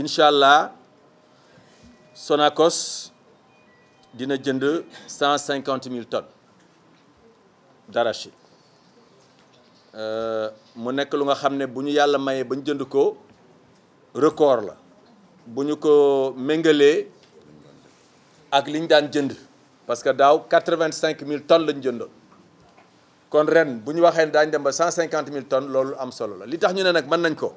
incha allah Sonacos dina jënd cent cinquante mille tonnes d'arachide euh, mu nekk lu nga xam ne bu ñu yàlla mayee ba ñu jënd ko record la bu ñu ko méngalee ak li ñu daan jënd parce que daaw quatre vingt cinq mille tonnes la ñu jëndoon kon ren bu ñu waxee ne daañu dem ba cent cinquante mille tonnes loolu am solo la li tax ñu ne nag mën nañ ko.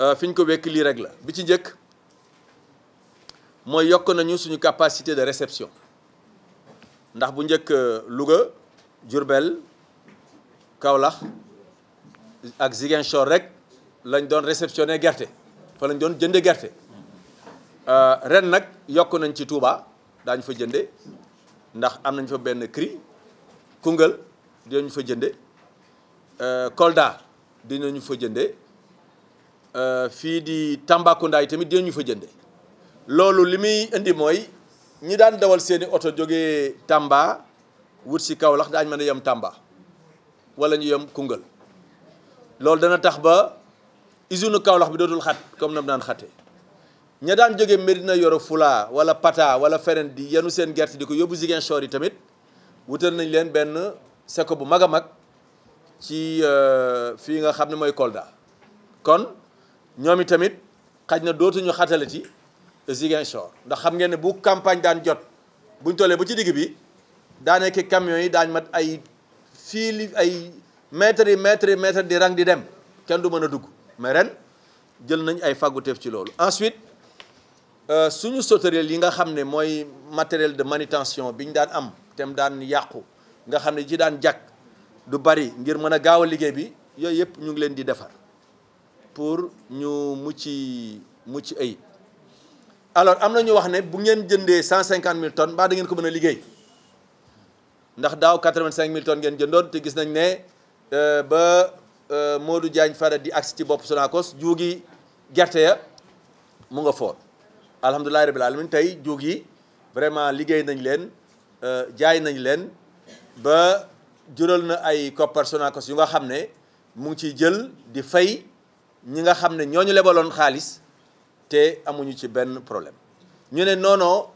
Euh, fiñ ko wekk lii rek la bi ci capacité de réception ndax bu njëkk euh, Louga Diourbel Kaolack ak Ziguinchor rek lañ doon réceptionné gerte fa lañ gerte euh, ren nag yokk nañ ci Touba daañu fa ndax am nañ fa CRI fa Kolda dinañu fa Euh, fii di Tambacounda yi tamit ñu fa jënde loolu li muy indi mooy ñi daan dawal seeni oto jóge Tamba wut si Kaolack daañu mën a yem Tamba wala ñu yem Koungheul loolu dana tax ba usine Kaolack bi dootul xat comme nam naan xate ña daan jóge Médina Yoro Fula wala Pata wala fereen di yenu seen gerte di ko yóbbu Ziguinchor yi tamit wutal nañ leen benn seko bu mag a mag ci euh, fii nga xam ne mooy Kolda kon ñoom i tamit xaj na dootuñu xatalati Ziguinchor ndax xam ngeen ne bu campagne daan jot buñ tollee ba ci digg bi daanekki camion yi daañ mat ay li ay mètres yi mètres yi mètres di rang di dem kenn du mën a dugg mais ren jël nañ ay fàgguteef ci loolu ensuite euh, suñu sauterelles yi nga xam ne mooy matériel de manutention bi ñu daan am tem mu daan yàqu nga xam ne ci daan jàkk du bari ngir mën a gaaw a liggéey bi yooyu yëpp ñu ngi leen di defar pour ñu mucci mucci ay alors amna ñu wax ne bu ngeen jëndé 150000 tonnes ba da ngeen ko mëna liggéey ndax daw 85000 tonnes ngeen jëndoon te gis nañ ne euh, ba euh, Modou Diagne fara di agsi ci bopp Sonacos juugi gerté ya mu nga for alhamdulilahi rabbil alamin tay juugi vraiment liggéey nañ leen euh, jaay nañ leen ba jural na ay personnel ko yu nga xamne mu ngi ci jël di fay ñi nga xam ne ñooñu lebaloon xaalis te amuñu ci benn problème ñu ne non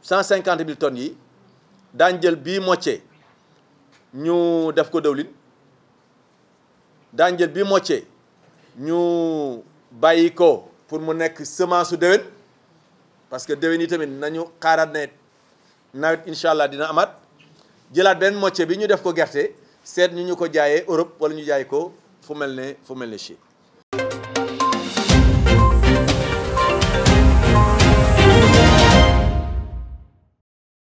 cent cinquante mille tonnes yi daan jël bii mocce ñu def ko dëwlin daan jël bii moitié ñu bàyyi ko pour mu nekk semence su déwén parce que déwén yi tamit nañu xaaraat ne nawet incha allah dina amaat jëlaat benn moitié bi ñu def ko gerte seet ñu ñu ko jaayee Europe wala ñu jaay ko fu mel ne fu mel ne Chine